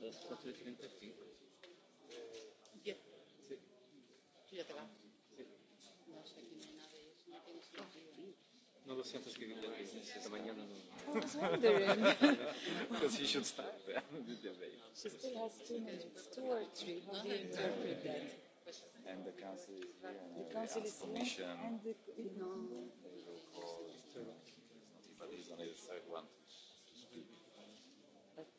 Los cuatro diferentes, sí. Diez. Sí. Tú ya te vas. Sí. No sé quién es nadie. No tiene sentido. No lo siento escribir del business. Esta mañana no. I was wondering. Because you should start there with the debate. She still has two minutes, two or three. How do you interpret that? And the council is here. And the council is commission. And the, no. They will call. But he's only the third one.